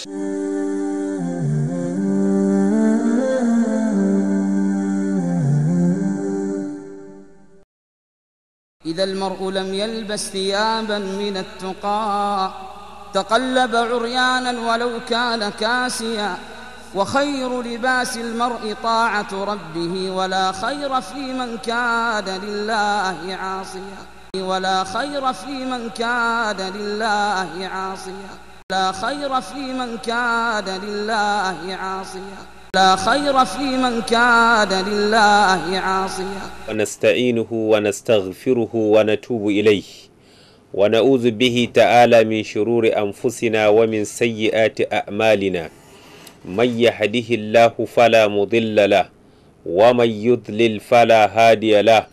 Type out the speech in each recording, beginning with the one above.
إذا المرء لم يلبس ثيابا من التقى تقلب عريانا ولو كان كاسيا وخير لباس المرء طاعة ربه ولا خير في من كان لله عاصيا ولا خير في من كان لله عاصيا لا خير في من كاد لله عاصيا لا خير في من كاد لله عاصيا ونستعينه ونستغفره ونتوب إليه ونعوذ به تعالى من شرور أنفسنا ومن سيئات أعمالنا من يهده الله فلا مضل له ومن يضلل فلا هادي له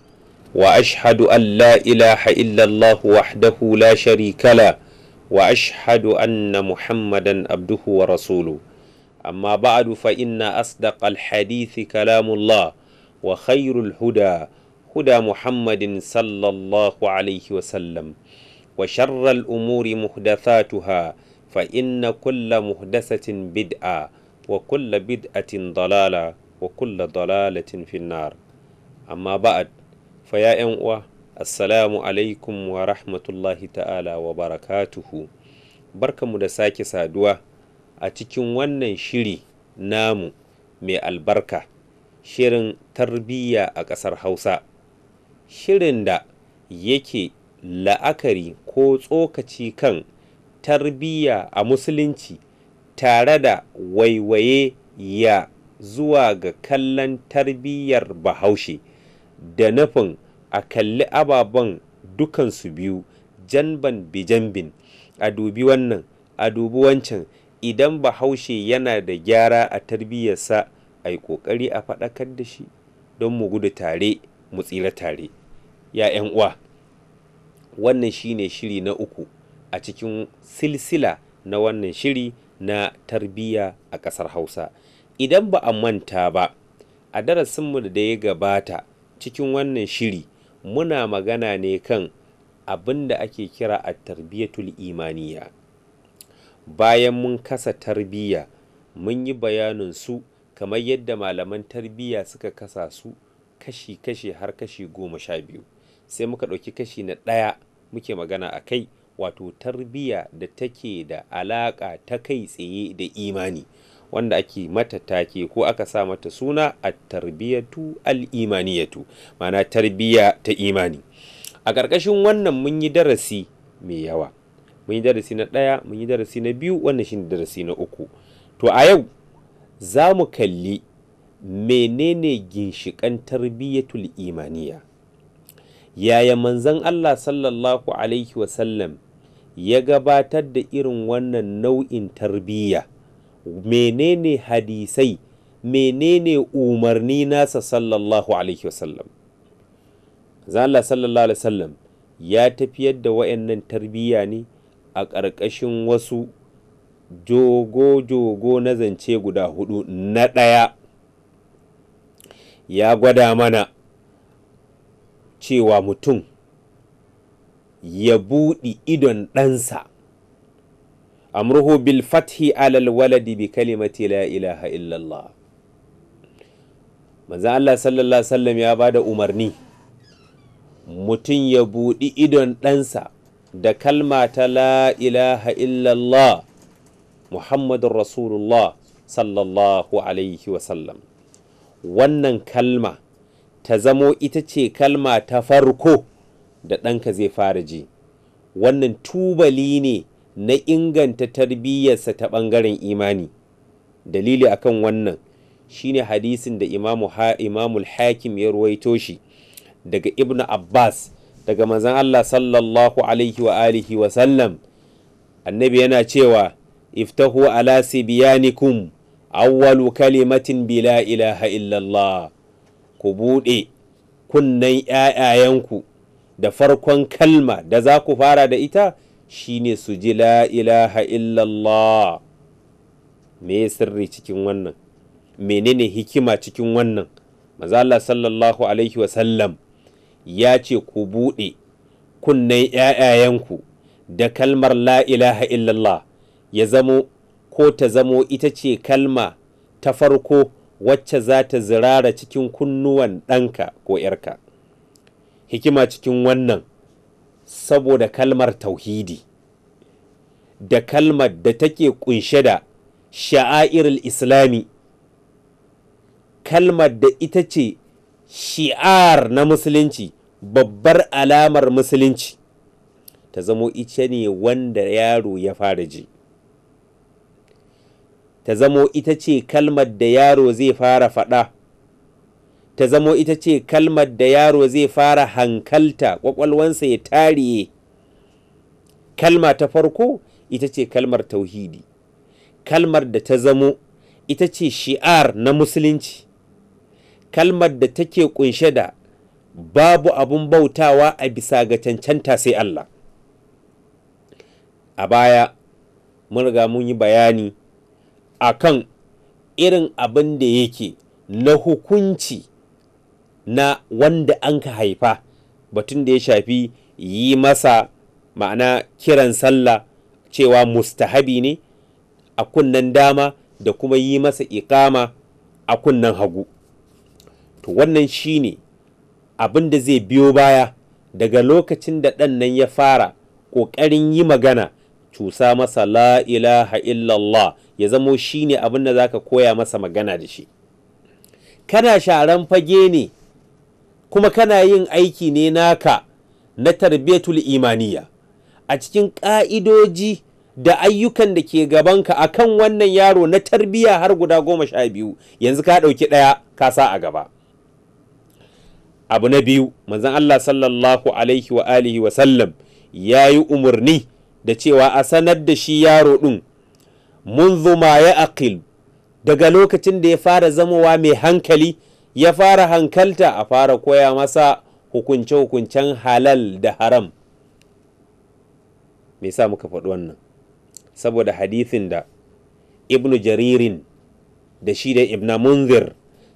وأشهد أن لا إله إلا الله وحده لا شريك له واشهد ان محمدا عبده ورسوله اما بعد فان اصدق الحديث كلام الله وخير الهدى هدى محمد صلى الله عليه وسلم وشر الامور محدثاتها فان كل محدثه بدعه وكل بدعه ضلاله وكل ضلاله في النار اما بعد فيا انوه assalamu alaikum wa rahmatullahi ta'ala wa barakatuhu mu da sake saduwa a cikin wannan shiri namu mai albarka shirin tarbiyya a ƙasar hausa shirin da yake la'akari ko tsokaci kan tarbiyya a musulunci tare da waiwaye ya zuwa ga kallon tarbiyyar bahaushe da nufin a kalli ababen dukansu biyu janban bijanbin a dubi wannan a dubi wancan idan bahaushe yana da gyara a tarbiyyarsa a yi ƙoƙari a faɗakar da shi don mu gudu tare mu tsira tare ya 'yan uwa wannan shine shiri na uku a cikin silsila na wannan shiri na tarbiyya a ƙasar hausa idan ba a manta ba a darasinmu da ya gabata cikin wannan shiri muna magana ne kan abin da ake kira a tarbiyatul imaniya bayan mun kasa tarbiyya mun yi bayanin su kamar yadda malaman tarbiyya suka kasa su kashi-kashi har kashi goma sha biyu sai muka ɗauki kashi na ɗaya muke magana a kai wato tarbiyya da take da alaƙa ta kai tsaye da imani wanda ake mata take ko aka sa mata suna a tarbiyatu al'imaniyatu mana tarbiyya ta imani a ƙarƙashin wannan mun yi darasi mai yawa mun yi darasi na ɗaya mun yi darasi na biyu wannan shi darasi na uku to a yau za mu kalli menene ginshiƙan tarbiyyatul imaniya yaya manzon Allah sallallahu alaihi wasallam ya gabatar da irin wannan nau'in tarbiyya menene hadisai menene umarni nasa sallallahu alaihi wasallam Allah sallallahu alaihi wasallam ya tafiyar da wayannan tarbiyya ne a ƙarƙashin wasu jogo-jogo na zance guda hudu na ɗaya ya gwada mana cewa mutum ya buɗi idon ɗansa amruhu bil fathi alal waladi bi kalimati la ilaha illallah manzo Allah sallallahu alaihi wasallam ya bada umarni mutum ya buɗi idon ɗansa da kalma ta la ilaha illallah muhammadun rasulullah sallallahu alaihi wasallam wannan kalma ta zamo ita ce kalma ta farko da ɗanka zai fara ji wannan tubali ne na inganta tarbiyyarsa ta ɓangaren imani dalili akan wannan shine hadisin da imamu ha, imamul hakim ya ruwaito shi daga ibnu abbas daga manzon allah sallallahu alaihi wa alihi wa sallam annabi yana cewa iftahu ala sibiyanikum awwalu kalimatin bila ilaha illallah ku buɗe kunnen ‘ya'yayenku da farkon kalma da za ku fara da ita shine su ji la ilaha illallah me sirri cikin wannan menene hikima cikin wannan maza Allah sallallahu alaihi wasallam ya ce ku buɗe kunnen ‘ya'yayenku da kalmar la ilaha illallah ya zamo ko ta zamo ita ce kalma ta farko wacce za ta zirara cikin kunnuwan ɗanka ko ‘yarka hikima cikin wannan saboda kalmar tauhidi da kalmar da take kunshe da sha'airul islami kalmar da ita ce shi'ar na musulunci babbar alamar musulunci ta zamo ita ne wanda yaro ya fara ji ta zamo ita ce kalmar da yaro zai fara faɗa ta zamo ita ce kalmar da yaro zai fara hankalta ƙwaƙwalwansa ya tariye kalma ta farko ita ce kalmar tauhidi kalmar da ta zamo ita ce shi'ar na musulunci kalmar da take kunshe da babu abun bautawa a bisa ga cancanta sai Allah a baya mun riga mun yi bayani akan irin abin da yake na hukunci na wanda an ka haifa batun da ya shafi yi masa ma'ana kiran sallah cewa mustahabi ne a kunnen dama da kuma yi masa ikama a kunnen hagu to wannan shi ne abin da zai biyo baya daga lokacin da ɗan nan ya fara ƙoƙarin yi magana cusa masa la ilaha illallah ya zamo shi ne abin da za ka koya masa magana da shi kana sharan fage ne kuma kana yin aiki ne naka na tarbiyatul imaniya a cikin ƙa'idoji da ayyukan da ke gabanka a kan wannan yaro na tarbiyya har guda goma sha biyu yanzu ka ɗauki ɗaya ka sa a gaba abu na biyu manzon Allah sallallahu alaihi wa alihi wa sallam ya yi umarni da cewa a sanar da shi yaro ɗin mun ya aqil daga lokacin da ya fara zamowa mai hankali ya fara hankalta a fara koya masa hukunce-hukuncen halal da haram me sa muka faɗi wannan saboda hadithin da ibnu jaririn da shi da ibn munzir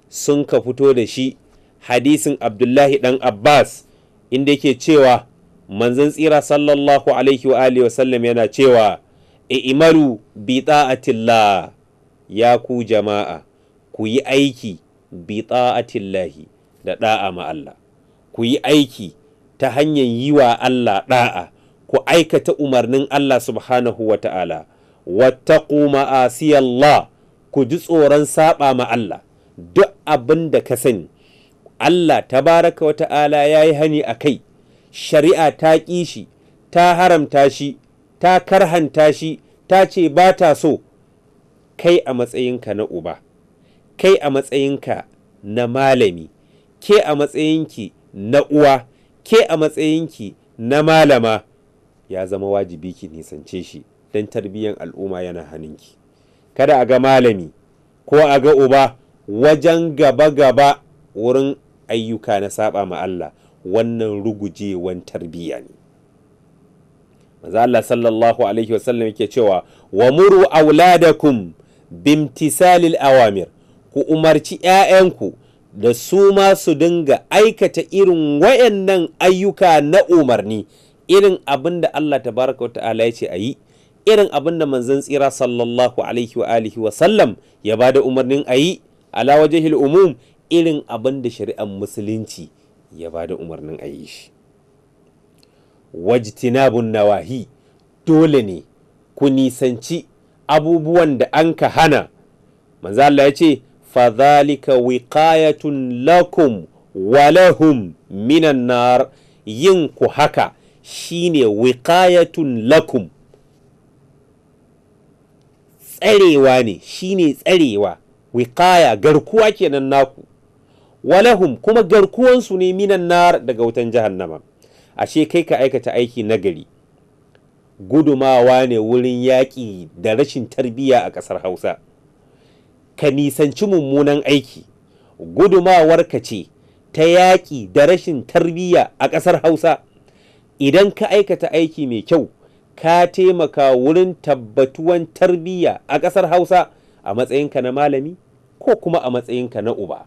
sun ka fito da shi hadisin abdullahi ɗan abbas inda yake cewa manzon tsira sallallahu alaihi wa alihi wasallam yana cewa imaru bi ta'atillah ya ku jama'a ku yi aiki bi ta'atillahi da da'a ma Allah ku yi aiki ta hanyar yi wa Allah da'a ku aikata umarnin Allah subhanahu wa ta'ala wattaqu ma'asiyallah ku ji tsoron saba ma Allah duk abin da ka sani Allah tabaraka wa ta'ala ya yi hani a kai shari'a ta ƙi shi ta haramta shi ta karhanta shi ta ce ba ta so kai a matsayinka na uba kai a matsayinka na malami ke a matsayinki na uwa ke a matsayinki na malama ya zama wajibi ki nisance shi don tarbiyyar al'umma yana hannunki kada a ga malami ko a ga uba wajen gaba-gaba wurin ayyuka na saba ma Allah wannan rugujewan tarbiyya ne maza Allah sallallahu alaihi wasallam ke cewa wa muru auladakum bimtisalil awamir ku umarci 'ya'yanku da su ma su dinga aikata irin wayannan ayyuka na umarni irin abin da Allah ta tabaraka ta'ala ya ce a yi irin abin da manzon tsira sallallahu alaihi wa alihi wa sallam ya ba da umarnin a yi ala wajhil umum irin abin da shari'ar musulunci ya ba da umarnin a yi shi wajtinabun nawahi dole ne ku nisanci abubuwan da an ka hana manzan Allah ya ce fadhalika wiqayatun lakum walahum minan nar yin ku haka shine wiqayatun lakum tsarewa ne shine tsarewa wiqaya garkuwa kenan naku walahum kuma garkuwansu ne minan nar daga wutan jahannama ashe kai ka aikata aiki nagari gudumawa ne wurin yaƙi da rashin tarbiyya a ƙasar hausa ka nisanci mummunan aiki gudumawarka ce ta yaƙi da rashin tarbiyya a ƙasar hausa idan ka aikata aiki mai kyau ka taimaka wurin tabbatuwan tarbiyya a ƙasar hausa a matsayinka na malami ko kuma a matsayinka na uba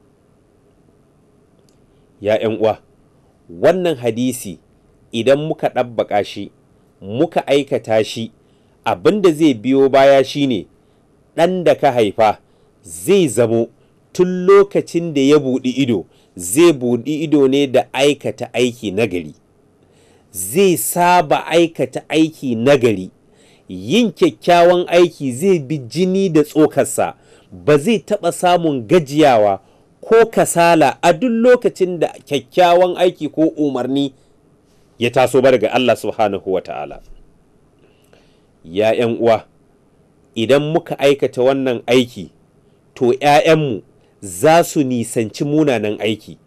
ya uwa wannan hadisi idan muka ɗabbaƙa shi muka aikata shi abin da zai biyo baya shine ɗan da ka haifa zai zamo tun lokacin da ya buɗi ido zai buɗi ido ne da aikata aiki nagari zai saba aikata aiki nagari yin kyakkyawan aiki zai bi jini da tsokarsa ba zai taɓa samun gajiyawa ko kasala a duk lokacin da kyakkyawan aiki ko umarni ya taso ba daga Allah subhanahu wa ta'ala ya uwa idan muka aikata wannan aiki to ‘ya'yanmu za su nisanci munanan aiki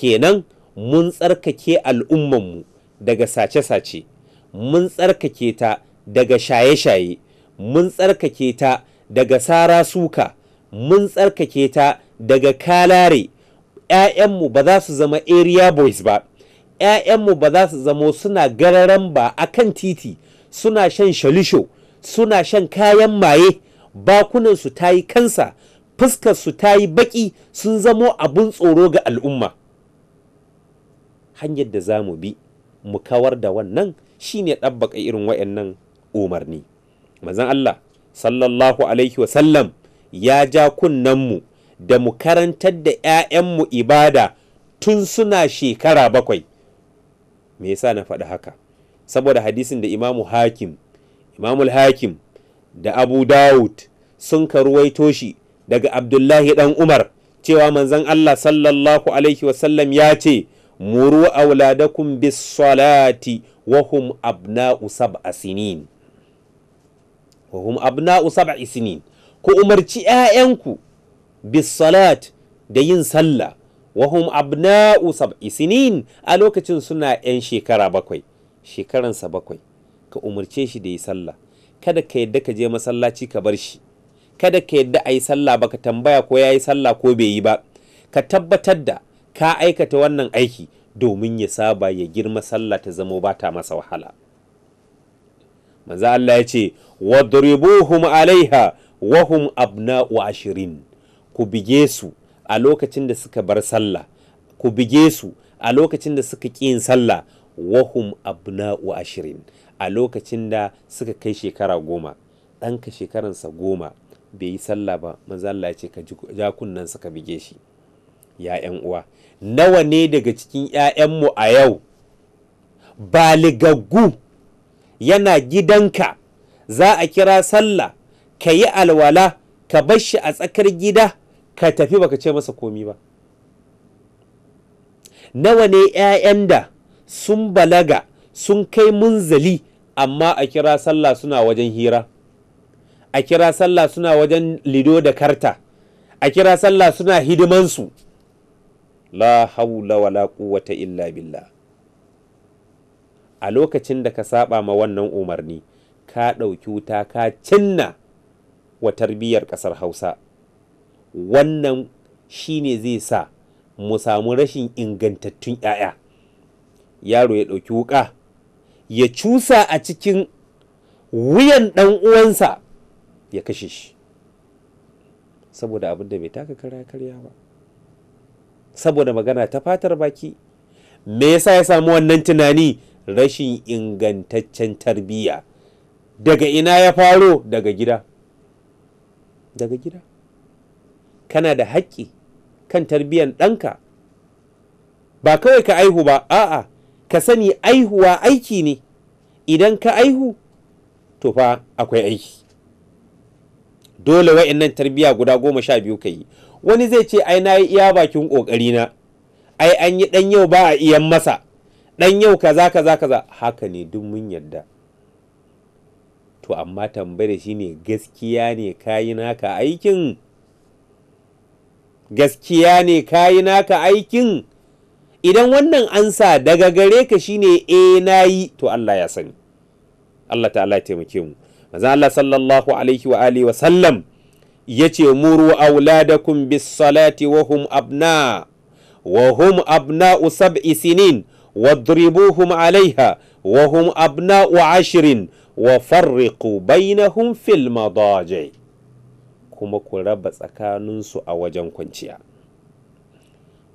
kenan mun tsarkake al'ummanmu daga sace-sace mun tsarkake ta daga shaye-shaye mun tsarkake ta daga sara suka mun tsarkake ta daga kalare ‘ya'yanmu ba za su zama area boys ba ‘ya'yanmu ba za su zamo suna gararan ba a kan titi suna shan shalisho suna shan kayan maye bakunansu ta yi kansa fuskar su ta yi baki sun zamo abun tsoro ga al'umma hanyar da za mu bi mu kawar da wannan shi shine ɗabbaƙa irin wayannan umarni mazan Allah sallallahu alaihi wasallam ya ja kunnenmu da mu karantar da 'ya'yanmu ibada tun suna shekara bakwai me yasa na faɗi haka saboda hadisin da imamu hakim imamul hakim da abu dawud sun karuwaito shi daga abdullahi dan umar cewa manzon allah sallallahu alaihi wasallam ya ce muru auladakum bis salati wa hum abna'u sab'a sinin wa hum abna'u sab'a sinin ku umarci 'ya'yanku bis salat da yin sallah wa hum abna'u sab'i sinin a lokacin suna 'yan shekara bakwai shekaransa bakwai ka umarce shi da yi sallah kada ka yadda ka je masallaci ka bar shi kada ka yadda a yi sallah ba ka tambaya ko ya yi sallah ko bai yi ba ka tabbatar da ka aikata wannan aiki domin ya saba ya girma sallah ta zamo ba ta masa wahala manzo Allah ya ce wadribuhum alaiha wahum abna'u ashirin ku bige su a lokacin da suka bar sallah ku bige su a lokacin da suka ƙi yin sallah wahum abna'u ashirin a lokacin da suka kai shekara goma ɗanka shekaransa goma bai yi sallah ba manzo ya ce ka ji jakunan ka bige shi Ya'yan uwa nawa ne daga cikin ƴaƴanmu a yau baligaggu yana gidanka za a kira sallah ka yi alwala ka bar shi a tsakar gida ka tafi baka ce masa komi ba nawa ne 'ya'yan da sun balaga sun kai munzali amma a kira sallah suna wajen hira a kira sallah suna wajen lido da karta a kira sallah suna hidimansu la haula wala quwwata illa billah a lokacin da ka saba ma wannan umarni ka ɗauki wuta ka cinna wa tarbiyyar ƙasar hausa wannan shine zai sa mu samu rashin ingantattun 'ya'ya yaro ya ɗauki wuka ya cusa a cikin wuyan ɗan uwansa ya kashe shi saboda abin da bai taka kara karya ba saboda magana ta fatar baki me yasa ya samu wannan tunani rashin ingantaccen tarbiyya daga ina ya faro daga gida daga gida kana da haƙƙi kan tarbiyyar ɗanka ba kawai ka aihu ba a'a ka sani aihuwa aiki ne idan ka aihu to fa akwai aiki dole waɗannan tarbiya guda goma sha biyu ka yi wani zai ce ai na yi iya bakin ƙoƙari na ai an yi ɗan yau ba a iyan masa ɗan yau kaza kaza kaza haka ne duk mun yarda to amma tambayar ne gaskiya ne ka yi naka aikin gaskiya ne ka yi naka aikin idan wannan ansa daga gare ka shine eh yi to Allah ya sani Allah ta'ala ya taimake mu maza Allah sallallahu alaihi wa alihi wa sallam ya ce muru auladakum bis salati wa hum abna wa hum abna'u wa sinin wadribuhum alaiha wa hum u ashirin wa farriku bainahum fil madaji kuma ku raba tsakaninsu a wajen kwanciya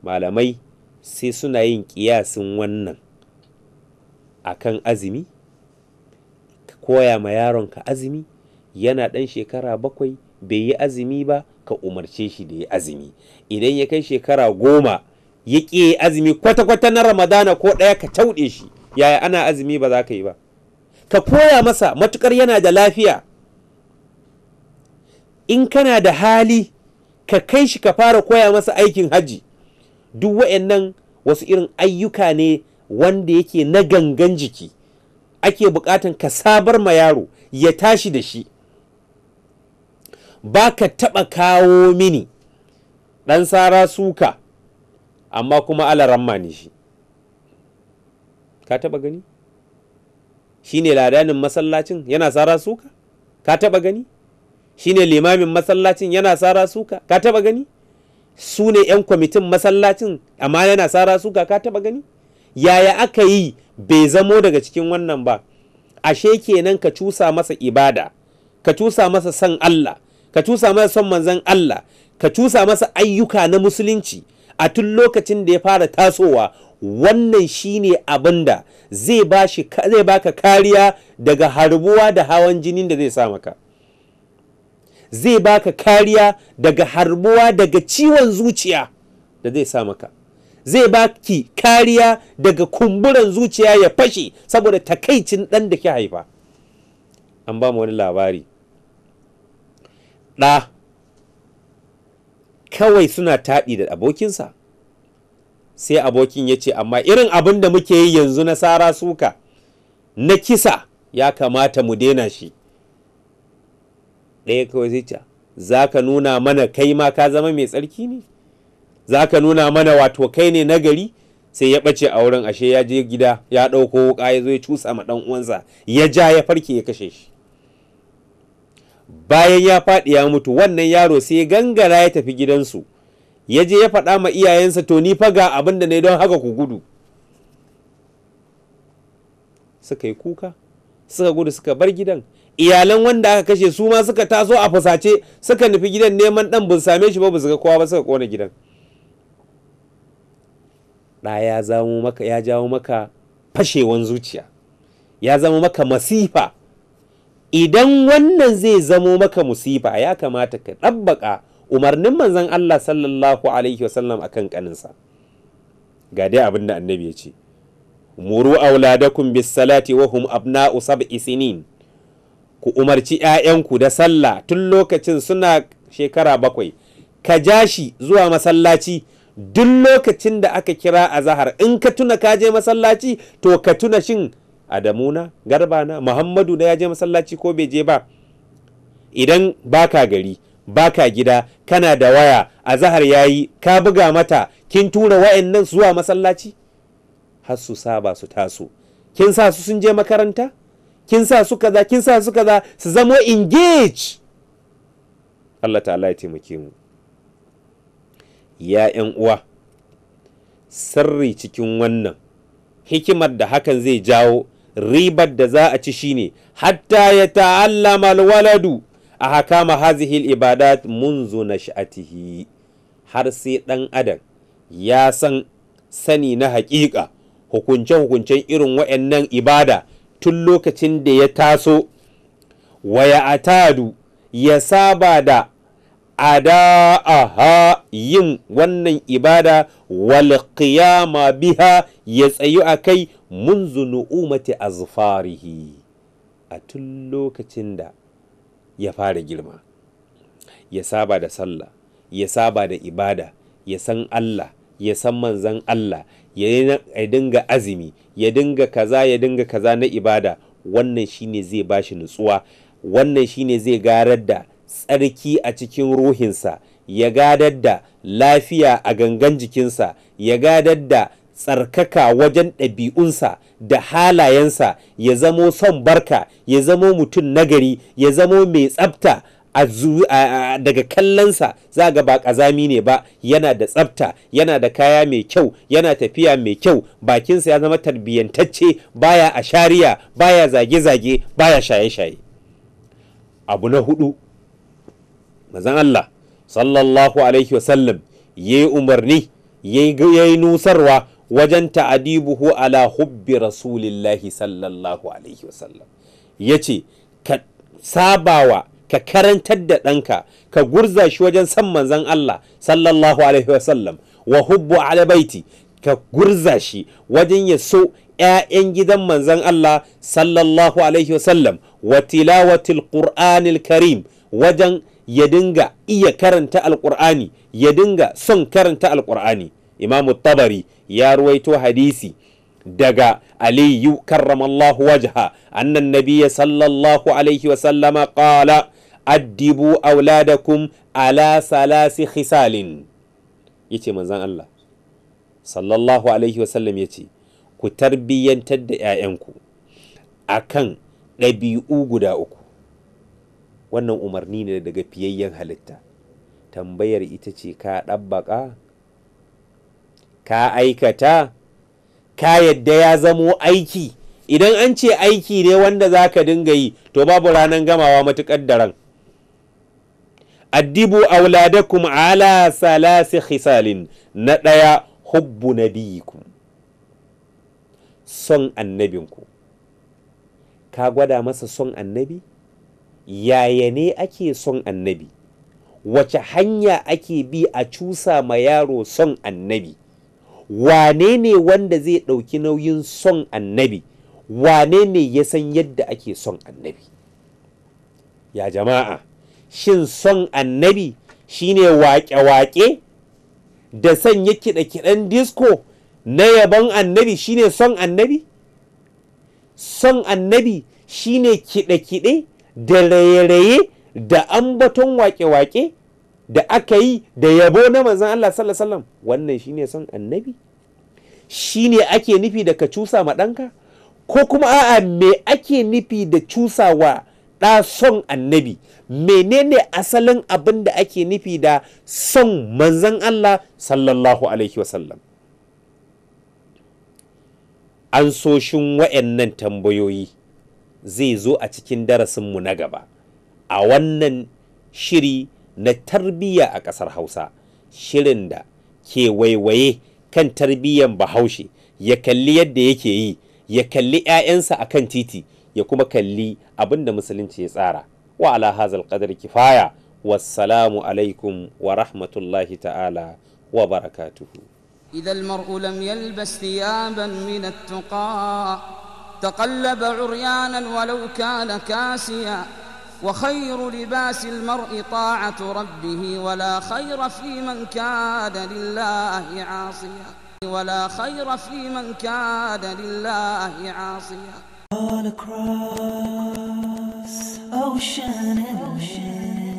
malamai sai suna yin kiyasin wannan akan azumi koya ma yaronka azumi yana ɗan shekara bakwai bai yi azumi ba ka umarce shi da ya azumi idan ya kai shekara goma ya ƙi azumi kwata-kwata na ramadana ko ɗaya ka tauɗe shi yaya ana azumi ba za ka yi ba ka koya masa matukar yana da lafiya in kana da hali ka kai shi ka fara koya masa aikin hajji duk wa'annan wasu irin ayyuka ne wanda yake na gangan jiki ake bukatan ka sabar ma yaro ya tashi da shi ba ka taɓa kawo mini ɗan sara suka amma kuma alaramma ne shi ka taɓa gani shi ne ladanin masallacin yana sara suka ka taɓa gani shi ne limamin masallacin yana sara suka ka taɓa gani su ne 'yan kwamitin masallacin amma yana sara suka ka taɓa gani yaya aka yi bai zamo daga cikin wannan ba ashe kenan ka cusa masa ibada ka cusa masa son Allah ka cusa masa son manzon Allah ka cusa masa ayyuka na musulunci a tun lokacin da ya fara tasowa wannan shine abin da zai baka kariya daga harbuwa da hawan jini da zai sa maka zai baka kariya daga harbuwa daga ciwon zuciya da zai sa maka zai ba ki kariya daga kumburan zuciya ya fashe saboda takaicin ɗan da ki haifa an ba mu wani labari ɗa kawai suna taɗi da abokinsa sai abokin ya ce amma irin abin da muke yi yanzu na sara suka na kisa ya kamata mu daina shi ɗaya kawai zai ce za ka nuna mana kai ma ka zama mai tsarki ne za ka nuna mana wato kai ne nagari sai ya ɓace a wurin ashe ya je gida ya ɗauko wuƙa ya zo ya cusa ma ɗan uwansa ya ja ya farke ya kashe shi bayan ya faɗi ya mutu wannan yaro sai gangara ya tafi gidansu ya je ya faɗa ma iyayensa to ni faga abin da ne don haka ku gudu suka yi kuka suka gudu suka bar gidan iyalan wanda aka kashe su ma suka taso a fusace suka nufi gidan neman ɗan bin same shi ba ba su ga kowa ba suka kona gidan ɗa ya zamo maka jawo maka fashewan zuciya ya zama maka masifa idan wannan zai zamo maka musifa ya kamata ka ɗabbaƙa umarnin manzon Allah sallallahu alaihi wasallam akan ƙaninsa. ga dai abin da annabi ya ce muru auladakum bis salati wa hum abna'u sab'i sinin ku umarci 'ya'yanku da sallah tun lokacin suna shekara bakwai ka ja shi zuwa masallaci duk lokacin da aka kira a zahar in ka tuna ka je masallaci to ka tuna shin adamuna garbana muhammadu na ya je masallaci ko bai je ba idan baka gari baka gida kana da waya a zahar yayi ka buga mata kin tura wayannan zuwa masallaci har su saba su taso kin sa su sun je makaranta kin sa su kaza kin sa su kaza su zamo engage Allah ta'ala ya taimake mu ya ‘yan uwa sirri cikin wannan hikimar da hakan zai jawo ribar da za a ci shine hatta ya ta’alla waladu a hakama hazihil ibadat munzu na sha'atihi har sai ɗan adam ya san sani na haƙiƙa hukunce-hukuncen irin wa'annan ibada tun lokacin da ya taso waya atadu ya saba da ada'aha yin wannan ibada wal qiyama biha ya tsayu a kai munzu nu'umati azfarihi a tun lokacin da ya fara girma ya saba da sallah ya saba da ibada ya san Allah ya san manzan Allah ya dinga azumi ya dinga kaza ya dinga kaza na ibada wannan shine zai bashi nutsuwa wannan shine zai garar da tsarki a cikin ruhinsa ya gadar da lafiya a gangan jikinsa ya gadar da tsarkaka wajen ɗabi'unsa da halayensa ya zamo son barka ya zamo mutum nagari ya zamo mai tsabta daga kallonsa za ga ba ƙazami ne ba yana da tsabta yana da kaya mai kyau yana tafiya mai kyau bakinsa ya zama tarbiyyantacce baya a shariya baya zage-zage baya shaye-shaye abu na hudu manzon Allah sallallahu alaihi wasallam yayi umarni yayi nusarwa wajen ta'adibuhu ala hubbi rasulillahi sallallahu alaihi wasallam yace ka sabawa ka karantar da ɗanka ka gurza shi wajen san manzan Allah sallallahu alaihi wasallam wa hubbu ala baiti ka gurza shi wajen ya so ‘ya'yan gidan manzan Allah sallallahu alaihi wasallam wa tilawatil qur'anil karim wajen ya dinga iya karanta alkur'ani ya dinga son karanta alkur'ani imamu tabari ya ruwaito hadisi daga aliyu karramallahu wajha annan nabiya sallallahu alaihi wasallama qala addibu auladakum ala salasi khisalin yace manzan Allah sallallahu alaihi wasallam yace ku tarbiyyantar da 'ya'yanku akan ɗabi'u guda uku wannan umarni ne daga fiyayyen halitta tambayar ita ce ka ɗabbaƙa ka aikata ka yadda ya zamo aiki idan an ce aiki ne wanda za ka dinga yi to babu ranar gamawa matuƙar da ran addibu auladakum ala salasi khisalin na ɗaya hubbu na nabiyikum son annabinku ka gwada masa son annabi yaya ne ake son annabi wace hanya ake bi a cusa ma yaro son annabi wane ne wanda zai ɗauki nauyin son annabi wane ne ya san yadda ake son annabi ya jama'a shin son annabi shine waƙe-waƙe da sanya kiɗe-kiɗen disko na yabon annabi shine son annabi son annabi shine kiɗe-kiɗe da raye-raye da ambaton wake-wake da aka yi da yabo na manzan Allah sallallahu alaihi wasallam wannan shine son annabi shine ake nufi da ka cusa ma ɗanka ko kuma a'a me ake nufi da cusawa ɗa son annabi menene asalin abin da ake nufi da son manzan Allah sallallahu alaihi wasallam an soshin wa'annan tambayoyi zai zo a cikin darasinmu na gaba a wannan shiri na tarbiyya a ƙasar hausa shirin da ke waiwaye kan tarbiyyan bahaushe ya kalli yadda yake yi ya kalli 'ya'yansa a kan titi ya kuma kalli abin da musulunci ya tsara wa ala hazal qadar kifaya wassalamu alaikum wa rahmatullahi ta'ala wa barakatuhu إذا المرء لم يلبس ثيابا من التقى تقلب عريانا ولو كان كاسيا وخير لباس المرء طاعة ربه ولا خير في من كاد لله عاصيا ولا خير في من كاد لله عاصيا All across ocean